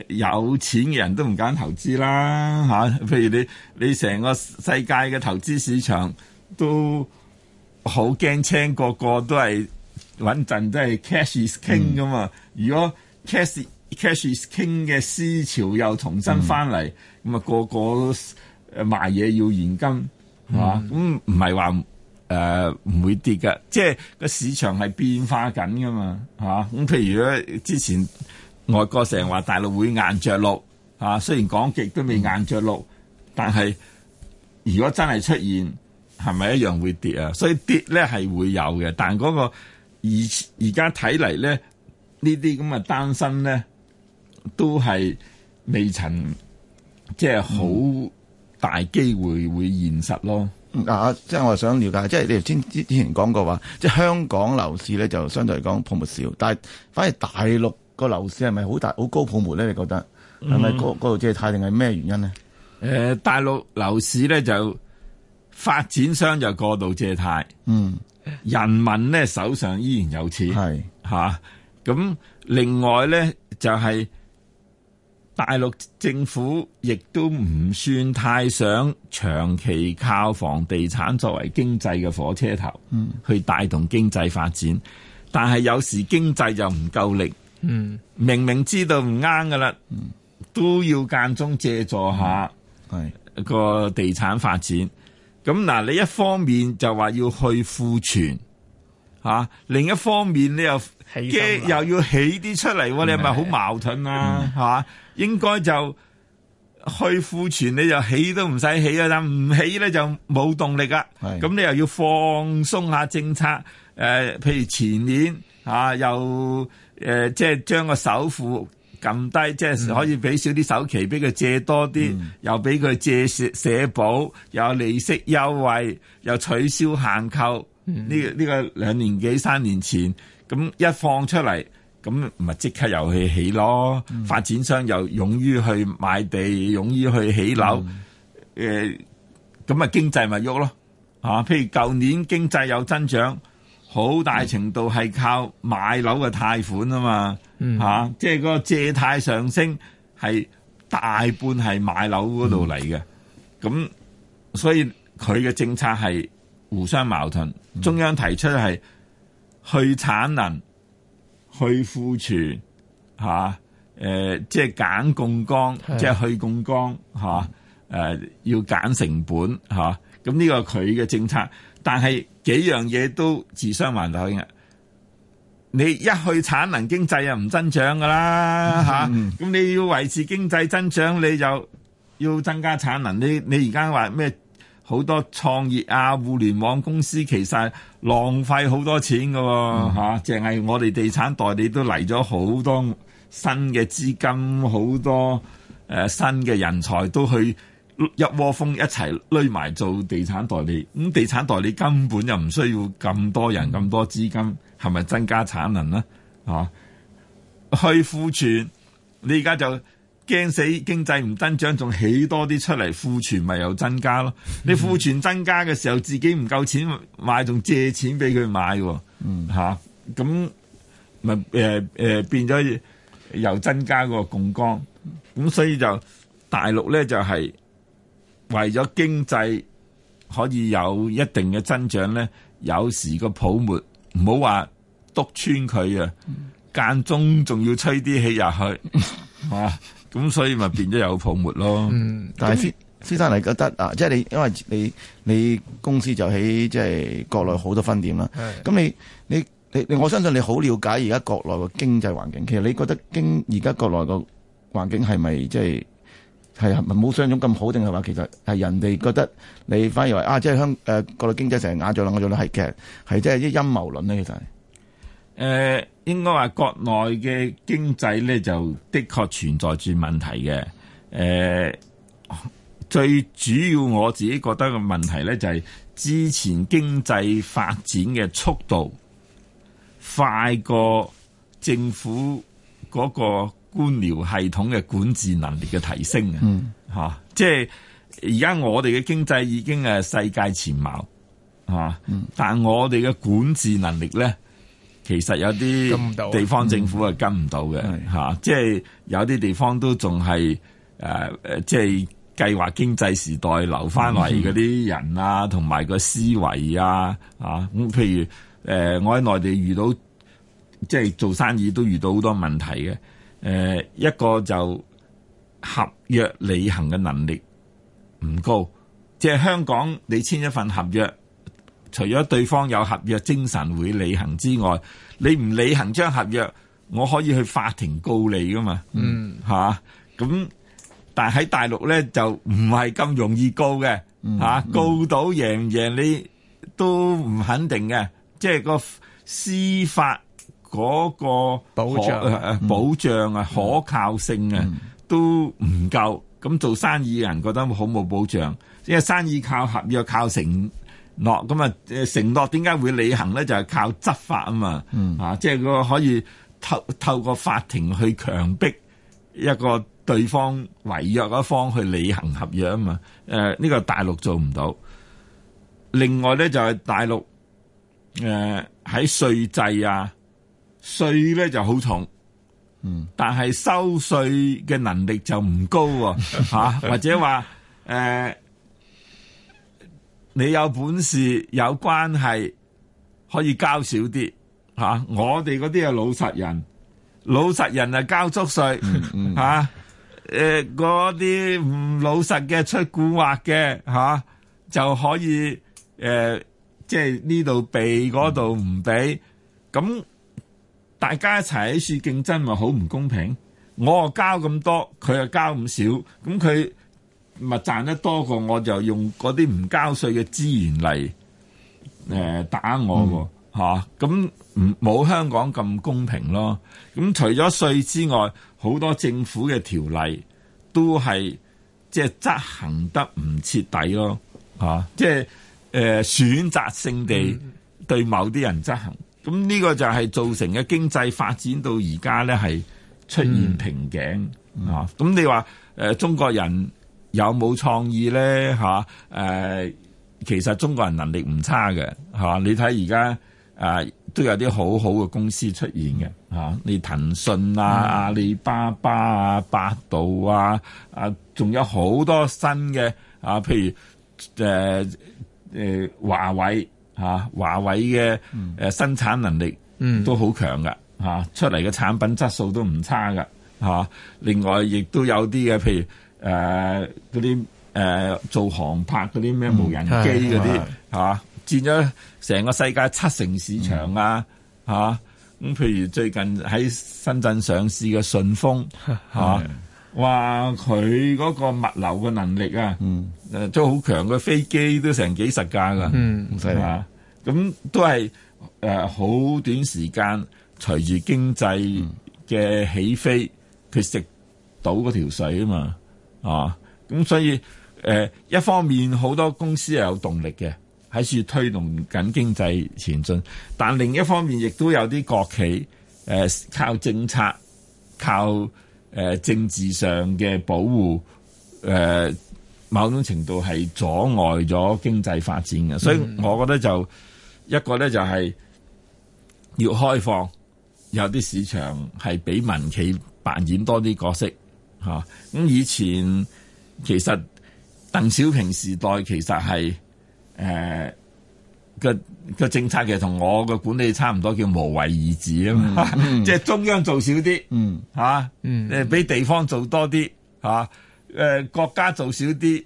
有錢嘅人都唔揀投資啦，吓、啊。譬如你你成個世界嘅投資市場都好驚青，個個都係。穩陣都係 cash is king 噶嘛，如果 cash cash is king 嘅思潮又重新翻嚟，咁、嗯、啊，個個都賣嘢要現金，係嘛、嗯？咁唔係話誒，唔會跌㗎。即係個市場係變化緊噶嘛，係嘛？咁譬如之前外國成日話大陸會硬着陸，啊，雖然講極都未硬着陸，但係如果真係出現，係咪一樣會跌啊？所以跌咧係會有嘅，但嗰、嗰個。而而家睇嚟咧，呢啲咁嘅單身咧，都係未曾即係好大機會會現實咯。嗯、啊，即係我想了解，即係你頭先之之前講過話，即係香港樓市咧就相對嚟講泡沫少，但係反而大陸個樓市係咪好大好高泡沫咧？你覺得係咪過度借貸，定係咩原因呢？誒、呃，大陸樓市咧就發展商就過度借貸，嗯。人民呢手上依然有錢，係吓咁。另外呢就係、是、大陸政府亦都唔算太想長期靠房地產作為經濟嘅火車頭，去帶動經濟發展。嗯、但係有時經濟又唔夠力、嗯，明明知道唔啱噶啦，都要間中借助下係個地產發展。嗯咁嗱，你一方面就話要去庫存，吓、啊，另一方面你又，又要起啲出嚟，你係咪好矛盾啊？吓、嗯啊，應該就去庫存，你就起都唔使起啊，但唔起咧就冇動力啦。咁你又要放鬆下政策，誒、呃，譬如前年吓、啊，又誒，即係將個首付。咁低即係可以俾少啲首期，俾佢借多啲，又俾佢借社社保、嗯，又利息優惠，又取消限購。呢、嗯、呢、這個這個兩年幾三年前咁一放出嚟，咁咪即刻又去起咯、嗯。發展商又勇於去買地，勇於去起樓。誒、嗯，咁、呃、啊經濟咪喐咯、啊、譬如舊年經濟有增長，好大程度係靠買樓嘅貸款啊嘛。吓、嗯啊，即係個借貸上升係大半係買樓嗰度嚟嘅，咁、嗯、所以佢嘅政策係互相矛盾。嗯、中央提出係去產能、去庫存，吓、啊，誒、呃，即係減槓桿，即係去槓桿，吓、啊，誒、呃，要減成，成本，吓、啊，咁呢個佢嘅政策，但係幾樣嘢都自相矛盾嘅。你一去產能，經濟又唔增長噶啦，吓、嗯、咁、啊、你要維持經濟增長，你就要增加產能。你你而家話咩？好多創業啊，互聯網公司其實浪費好多錢噶、啊、吓、嗯！淨、啊、係我哋地產代理都嚟咗好多新嘅資金，好多誒、呃、新嘅人才都去一窩蜂一齊擂埋做地產代理。咁地產代理根本就唔需要咁多人咁多資金。係咪增加產能咧？啊，去庫存，你而家就驚死經濟唔增長，仲起多啲出嚟，庫存咪又增加咯？你庫存增加嘅時候，自己唔夠錢買，仲借錢俾佢買，嗯、啊、吓，咁咪誒誒變咗又增加個槓桿，咁所以就大陸咧就係、是、為咗經濟可以有一定嘅增長咧，有時個泡沫。唔好話督穿佢啊，間中仲要吹啲氣入去，係咁，所以咪變咗有泡沫咯。嗯、但係施先生你覺得啊？即係你，因為你你公司就喺即係國內好多分店啦。咁你你你，我相信你好了解而家國內嘅經濟環境。其實你覺得經而家國內嘅環境係咪即係？係唔冇想像中咁好，定係話其實係人哋覺得你反而話啊，即係香誒、啊、國內經濟成日啞咗啦，我做啦，係其係即係一陰謀論咧。其實誒、呃，應該話國內嘅經濟咧就的確存在住問題嘅。誒、呃，最主要我自己覺得嘅問題咧就係、是、之前經濟發展嘅速度快過政府嗰、那個。官僚系統嘅管治能力嘅提升，嗯、啊，吓，即係而家我哋嘅經濟已經係世界前茅吓，啊嗯，但我哋嘅管治能力咧，其實有啲地方政府係跟唔到嘅吓，即係有啲地方都仲係誒誒，即係計劃經濟時代留翻嚟嗰啲人啊，同埋個思維啊啊咁，譬如誒、呃、我喺內地遇到即係做生意都遇到好多問題嘅。誒，一個就合約履行嘅能力唔高，即係香港你簽一份合約，除咗對方有合約精神會履行之外，你唔履行張合約，我可以去法庭告你噶嘛，嗯，吓，咁但係喺大陸咧就唔係咁容易告嘅，吓，告到贏唔贏你都唔肯定嘅，即係個司法。嗰、那個保障誒誒、嗯、保障啊可靠性啊都唔夠，咁、嗯、做生意嘅人覺得好冇保障，因為生意靠合約靠承諾，咁啊承諾點解會履行咧？就係、是、靠執法啊嘛、嗯，啊即係個可以透透過法庭去強迫一個對方違約一方去履行合約啊嘛，誒、呃、呢、這個大陸做唔到。另外咧就係、是、大陸誒喺稅制啊。稅咧就好重，嗯，但係收稅嘅能力就唔高喎，啊，吓、 啊、或者話誒、呃，你有本事有關係可以交少啲，吓、啊、我哋嗰啲係老實人，老實人啊交足稅，吓誒嗰啲唔老實嘅出蠱惑嘅，吓、啊、就可以誒、呃，即係呢度避，嗰度唔避，咁、嗯。大家一齊喺處競爭咪好唔公平？我啊交咁多，佢又交咁少，咁佢咪賺得多過我就用嗰啲唔交稅嘅資源嚟誒、呃、打我喎，吓！咁唔冇香港咁公平咯。咁除咗稅之外，好多政府嘅條例都係即係執行得唔徹底咯，吓、啊啊，即係誒、呃、選擇性地對某啲人執行。咁呢個就係造成嘅經濟發展到而家咧，係出現瓶頸啊！咁、嗯嗯、你話、呃、中國人有冇創意咧、啊呃？其實中國人能力唔差嘅、啊、你睇而家都有啲好好嘅公司出現嘅、啊、你騰訊啊、嗯、阿里巴巴啊、百度啊，啊，仲有好多新嘅啊，譬如誒誒、呃呃、華為。嚇、啊，華為嘅誒、呃、生產能力都好強㗎，嚇、啊、出嚟嘅產品質素都唔差㗎，嚇、啊。另外亦都有啲嘅，譬如誒啲誒做航拍嗰啲咩無人機嗰啲，嚇、佔咗成個世界七成市場啊，嚇、嗯。咁、啊、譬如最近喺深圳上市嘅順豐，嚇。啊話佢嗰個物流嘅能力啊，誒都好強嘅，飛機都成幾十架噶，唔使話、嗯、嘛？咁、嗯、都係誒好短時間，隨住經濟嘅起飛，佢、嗯、食到嗰條水啊嘛，啊！咁所以誒、呃、一方面好多公司係有動力嘅，喺處推動緊經濟前進，但另一方面亦都有啲國企誒、呃、靠政策靠。誒，政治上嘅保護，誒、呃、某種程度係阻礙咗經濟發展嘅。所以我覺得就一個咧就係要開放，有啲市場係俾民企扮演多啲角色吓，咁、啊、以前其實鄧小平時代其實係誒。呃個個政策其實同我個管理差唔多，叫無為而治啊嘛，嗯嗯、 即係中央做少啲，吓、嗯，誒、啊、俾、嗯、地方做多啲，吓、啊，誒、呃、國家做少啲，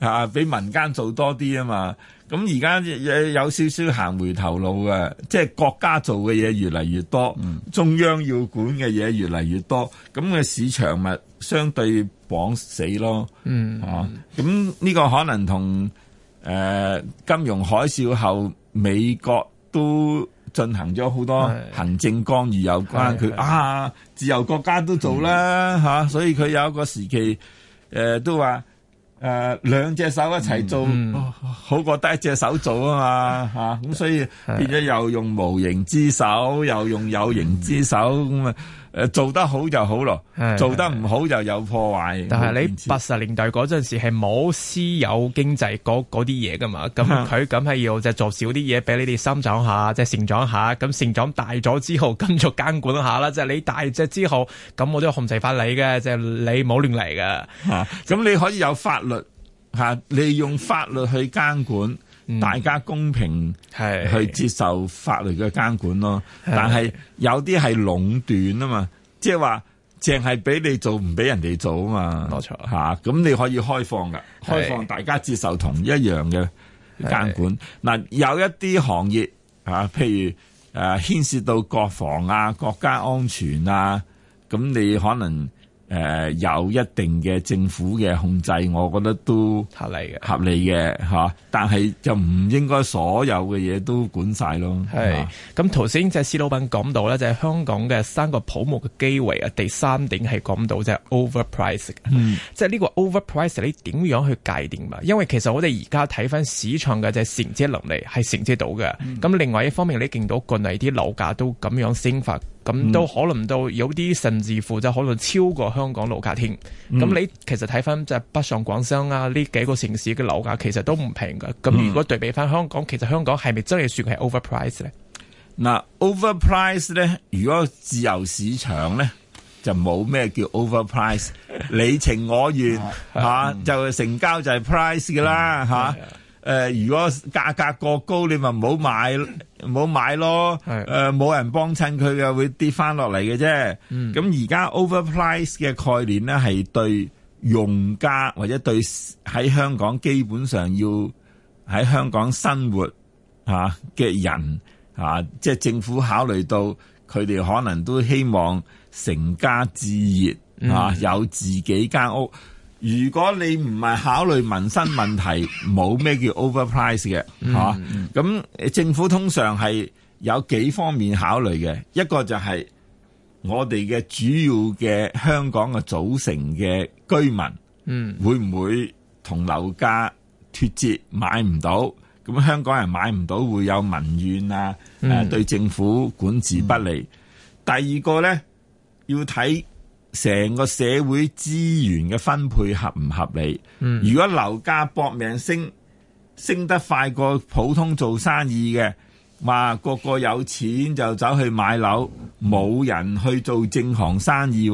吓、啊、俾民間做多啲啊嘛。咁而家有少少行回頭路嘅，即係國家做嘅嘢越嚟越多、嗯，中央要管嘅嘢越嚟越多，咁嘅市場咪相對綁死咯，嗯、啊、咁、嗯、呢個可能同。誒、呃、金融海嘯後，美國都進行咗好多行政干預有關佢啊，自由國家都做啦、嗯啊、所以佢有一個時期誒、呃、都話誒、啊、兩隻手一齊做、嗯嗯哦、好過得一隻手做嘛啊嘛，咁所以變咗又用無形之手，又用有形之手咁啊。嗯做得好就好咯，做得唔好就有破壞。但係你八十年代嗰陣時係冇私有經濟嗰啲嘢噶嘛，咁佢梗係要就做少啲嘢俾你哋生長下，即係成長下。咁成長大咗之後，跟住監管下啦。即係你大隻之後，咁我都要控制返你嘅，即係你冇亂嚟㗎。咁你可以有法律吓，利用法律去監管。嗯、大家公平係去接受法律嘅監管咯，是是但係有啲係壟斷啊嘛，即係話淨係俾你做，唔俾人哋做啊嘛。冇錯，咁、啊、你可以開放噶，開放大家接受同一樣嘅監管。嗱、啊，有一啲行業吓、啊，譬如誒牽、啊、涉到國防啊、國家安全啊，咁、啊、你可能。誒、呃，有一定嘅政府嘅控制，我覺得都合理嘅，合理嘅吓。但係就唔應該所有嘅嘢都管晒咯。係咁，頭先就係施老闆講到咧，就係、是、香港嘅三個泡沫嘅機會啊。第三點係講到即係、就是、overpriced，即係呢、嗯、個 overpriced 你點樣去界定啊？因為其實我哋而家睇翻市場嘅就係承接能力係承接到嘅。咁、嗯、另外一方面，你見到國內啲樓價都咁樣升法。咁、嗯、都可能到有啲，甚至乎就可能超過香港樓價添。咁、嗯、你其實睇翻就係北上廣深啊呢幾個城市嘅樓價，其實都唔平噶。咁、嗯、如果對比翻香港，其實香港係咪真係算係 overpriced 咧？嗱、嗯、overpriced 咧，如果自由市場咧，就冇咩叫 overpriced， 你情我願吓、 啊，就成交就係 price 噶啦吓。嗯嗯啊啊。誒、呃，如果價格過高，你咪唔好買唔好買咯。誒，冇、呃、人幫襯佢嘅，會跌翻落嚟嘅啫。咁、嗯、而家 overpriced 嘅概念咧，係對用家或者對喺香港基本上要喺香港生活嚇嘅人、嗯、啊即係政府考慮到佢哋可能都希望成家置業啊有自己間屋。如果你唔係考慮民生問題，冇咩叫 overprice 嘅吓。咁、嗯啊、政府通常係有幾方面考慮嘅。一個就係我哋嘅主要嘅香港嘅組成嘅居民，嗯，會唔會同樓價脫節，買唔到？咁香港人買唔到會有民怨啊。誒、嗯啊，對政府管治不利。嗯嗯、第二個咧，要睇。成個社會資源嘅分配合唔合理？嗯、如果樓價搏命升，升得快過普通做生意嘅，話個個有錢就走去買樓，冇人去做正行生意，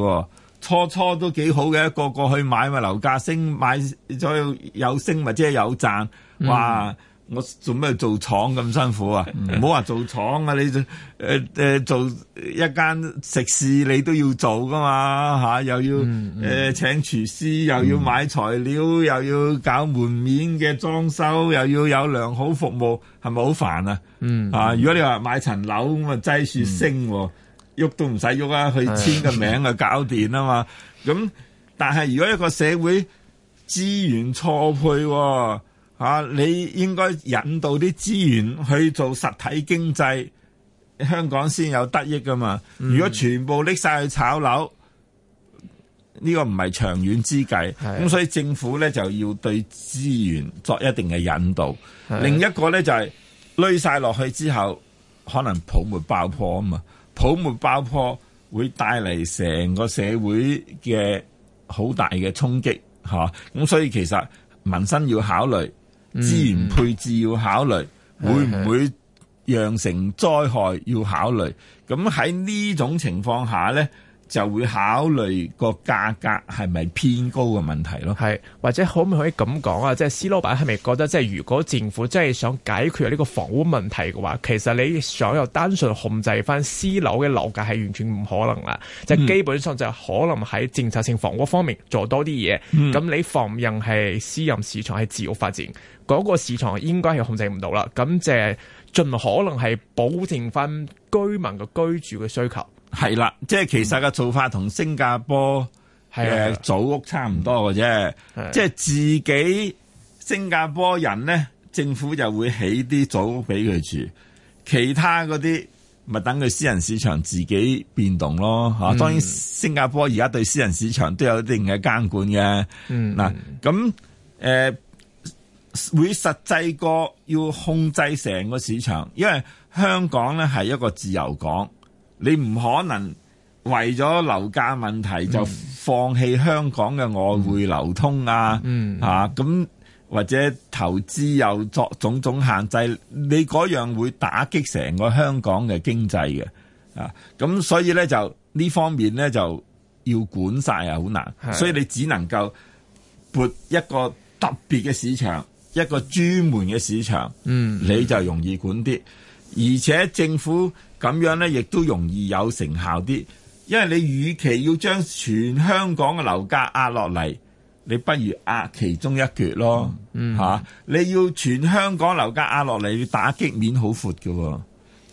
初初都幾好嘅，個個去買嘛，樓價升買咗有升，或者有賺，話我做咩做廠咁辛苦啊？唔好話做廠啊，你誒誒、呃呃、做一間食肆，你都要做噶嘛吓、啊，又要誒、嗯嗯呃、請廚師，又要買材料，嗯、又要搞門面嘅裝修，又要有良好服務，係咪好煩啊？嗯，嗯啊，如果你話買層樓咁啊，擠雪升喐都唔使喐啊，去簽個名啊，搞掂啦嘛。咁 但係如果一個社會資源錯配、啊。吓、啊，你應該引導啲資源去做實體經濟，香港先有得益噶嘛、嗯？如果全部搦晒去炒樓，呢、呢個唔係長遠之計。咁所以政府咧就要對資源作一定嘅引導。另一個咧就係攞晒落去之後，可能泡沫爆破啊嘛，泡沫爆破會帶嚟成個社會嘅好大嘅衝擊吓。咁、啊、所以其實民生要考慮。資源配置要考慮，嗯，會唔會釀成災害要考慮。咁喺呢種情況下咧，就會考慮個價格係咪偏高嘅問題咯？係或者可唔可以咁講啊？即係施老闆係咪覺得，即係如果政府真係想解決呢個房屋問題嘅話，其實你想用單純控制翻私樓嘅樓價係完全唔可能啦。即係、嗯、基本上就可能喺政策性房屋方面做多啲嘢。咁、嗯、你放任係私人市場係自由發展，嗰、那個市場應該係控制唔到啦。咁即係盡可能係保證翻居民嘅居住嘅需求。係啦，即係其實嘅做法同新加坡嘅組、嗯呃、屋差唔多嘅啫，即係自己新加坡人咧，政府就會起啲組屋俾佢住，其他嗰啲咪等佢私人市場自己變動咯吓、嗯。當然，新加坡而家對私人市場都有一定嘅監管嘅。嗱、嗯，咁、啊、誒、呃、會實際過要控制成個市場，因為香港咧係一個自由港。你唔可能為咗樓價問題就放棄香港嘅外匯流通啊，吓、嗯、咁、嗯啊、或者投資又作種種限制，你嗰樣會打擊成個香港嘅經濟嘅，啊咁所以呢，就呢方面呢，就要管晒呀好難，所以你只能夠撥一個特別嘅市場，一個專門嘅市場，嗯，你就容易管啲，而且政府。咁樣咧，亦都容易有成效啲，因為你與其要將全香港嘅樓價壓落嚟，你不如壓其中一橛咯、嗯啊，你要全香港樓價壓落嚟，要打擊面好闊㗎。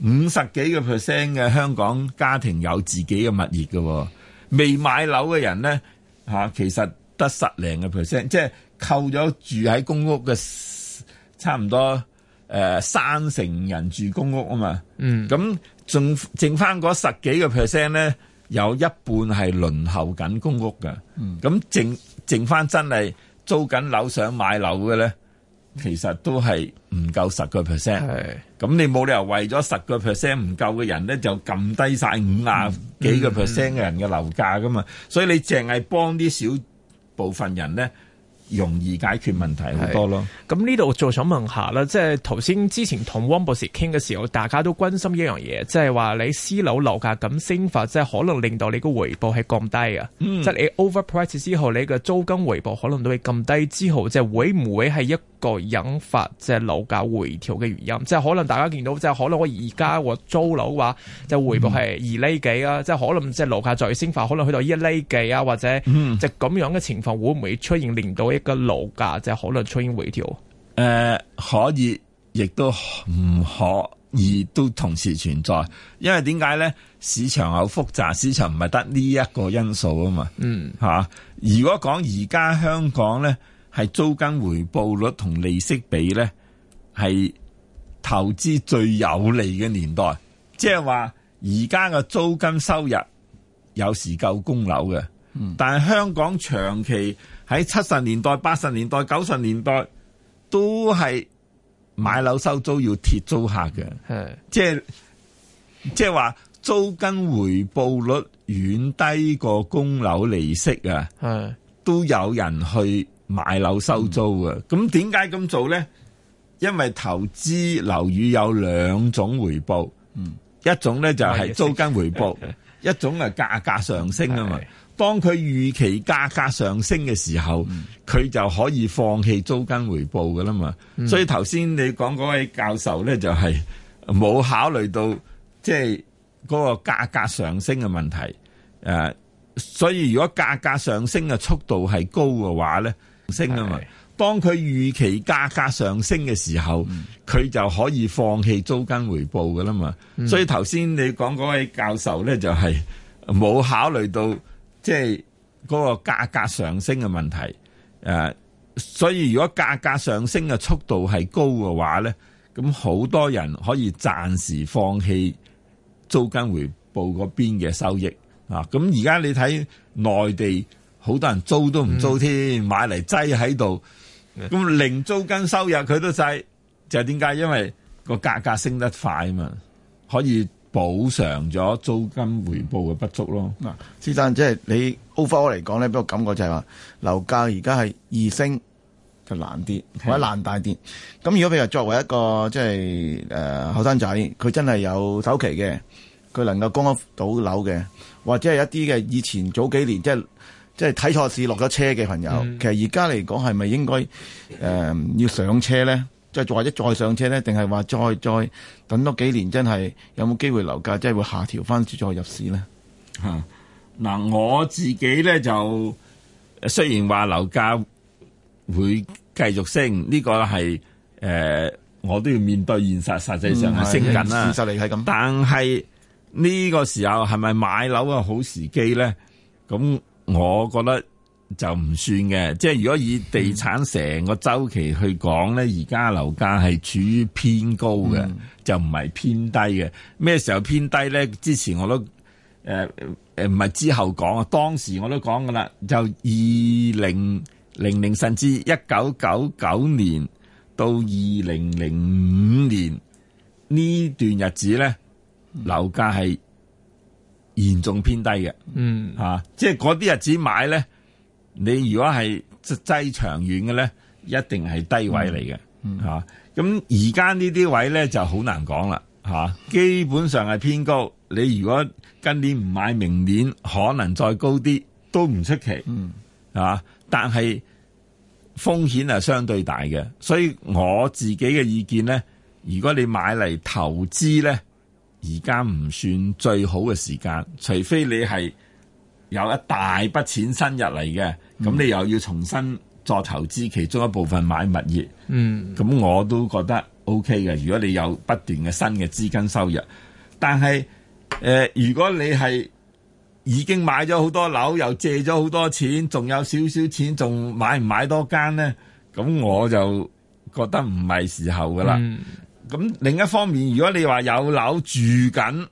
五十幾個 percent 嘅香港家庭有自己嘅物業嘅，未買樓嘅人咧、啊、其實得十零個 percent，即係扣咗住喺公屋嘅，差唔多呃、三成人住公屋啊嘛，咁、嗯。剩剩翻嗰十幾個 percent 咧，有一半係輪候緊公屋㗎。咁剩剩翻真係租緊樓想買樓嘅咧，其實都係唔夠十個 percent。係。咁你冇理由為咗十個 percent 唔夠嘅人咧，就撳低曬五十幾個 percent 嘅人嘅樓價噶嘛？所以你淨係幫啲小部分人咧。容易解決問題好多咯。咁呢度就想問下啦，即係頭先之前同汪博士傾嘅時候，大家都關心一樣嘢，即係話你私樓樓價咁升法，即係可能令到你個回報係降低啊。嗯，即係你 overpriced 之後你嘅租金回報可能都會咁低之後，即係會唔會係一個引發即係樓價回調嘅原因？即係可能大家見到，即係可能我而家我租樓話，即係回報係二厘幾啊，嗯，即係可能即係樓價再升法，可能去到一厘幾啊，或者即係咁樣嘅情況會唔會出現令到個樓價就是，可能出現回調，誒、呃，可以亦都唔可以都同時存在，因為點解咧？市場好複雜，市場唔係得呢一個因素啊嘛，嗯，吓、啊。如果講而家香港咧，係租金回報率同利息比咧，係投資最有利嘅年代，即係話而家嘅租金收入有時夠供樓嘅，嗯，但係香港長期。喺七十年代、八十年代、九十年代都係買樓收租要貼租客嘅，即係即係話租金回報率遠低過供樓利息啊，都有人去買樓收租啊。咁點解咁做咧？因為投資樓宇有兩種回報，嗯、一種咧就係租金回報，嗯、一種係價格上升啊嘛。嗯當佢預期價格上升嘅時候，佢、嗯、就可以放棄租金回報嘅啦嘛、嗯。所以頭先你講嗰位教授咧，就係冇考慮到即係嗰個價格上升嘅問題。誒、啊，所以如果價格上升嘅速度係高嘅話咧，升啊嘛。當佢預期價格上升嘅時候，佢、嗯、就可以放棄租金回報嘅啦嘛、嗯。所以頭先你講嗰位教授咧，就係冇考慮到。即係嗰個價格上升嘅問題，誒、啊，所以如果價格上升嘅速度係高嘅話咧，咁好多人可以暫時放棄租金回報嗰邊嘅收益啊！咁而家你睇內地好多人租都唔租添、嗯，買嚟擠喺度，咁零租金收入佢都制，就係點解？因為個價格升得快啊嘛，可以。補償咗租金回報嘅不足咯。嗱，施生，即係你 overall 嚟講咧，俾我感覺就係話樓價而家係易升就難跌，或者難大跌。咁如果譬如作為一個即係誒後生仔，佢真係有首期嘅，佢能夠供得到樓嘅，或者係一啲嘅以前早幾年即係即係睇錯市落咗車嘅朋友，mm、其實而家嚟講係咪應該誒、呃、要上車咧？即係或者再上車呢，定係話再再等多幾年，真係有冇機會樓價真係會下調翻再入市呢？吓、嗱、啊，我自己咧就雖然話樓價會繼續升，呢、這個係誒、呃、我都要面對現實，實際上係升緊啦。嗯、事實嚟係咁。但係呢個時候係咪買樓嘅好時機咧？咁我覺得。就唔算嘅，即係如果以地產成個周期去講咧，而家樓價係處於偏高嘅、嗯，就唔係偏低嘅。咩時候偏低咧？之前我都誒誒，唔係之後講啊，當時我都講噶啦，就二零零零甚至一九九九年到二零零五年呢段日子咧，樓價係嚴重偏低嘅。嗯，吓、啊，即係嗰啲日子買咧。你如果係計長遠嘅咧，一定係低位嚟嘅，吓咁而家呢啲位咧就好難講啦，吓基本上係偏高。你如果今年唔買明，明年可能再高啲都唔出奇，嗯，係嘛？但係風險係相對大嘅，所以我自己嘅意見咧，如果你買嚟投資咧，而家唔算最好嘅時間，除非你係。有一大筆錢新入嚟嘅，咁你又要重新再投資，其中一部分買物業。嗯，咁我都覺得 O K 嘅。如果你有不斷嘅新嘅資金收入，但係、呃、如果你係已經買咗好多樓，又借咗好多錢，仲有少少錢，仲買唔買多間呢，咁我就覺得唔係時候噶啦。咁、嗯、另一方面，如果你話有樓住緊，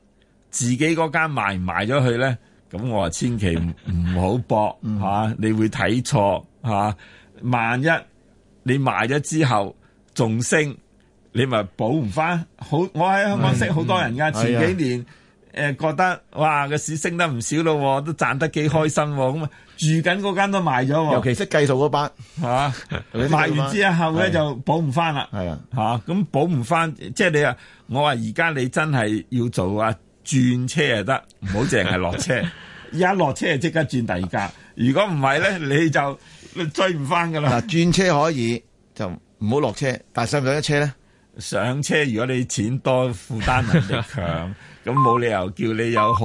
自己嗰間賣唔賣咗佢呢？咁我話千祈唔好搏、 啊、你會睇錯嚇、啊。萬一你賣咗之後仲升，你咪補唔翻。好，我喺香港識好多人㗎、嗯。前幾年誒覺得哇，個市升得唔少咯，都賺得幾開心。咁、嗯、住緊嗰間都賣咗喎。尤其識計、啊、數嗰班嚇，啊、賣完之後咧就補唔翻啦。啊咁補唔翻，即係你啊！啊啊就係、話你話我話而家你真係要做啊！轉車又得，唔好淨係落車。一 落車就即刻轉第二架，如果唔係咧，你就你追唔翻噶啦。嗱轉車可以就唔好落車，但係上唔上車咧？上車如果你錢多負擔能力強，咁冇理由叫你有。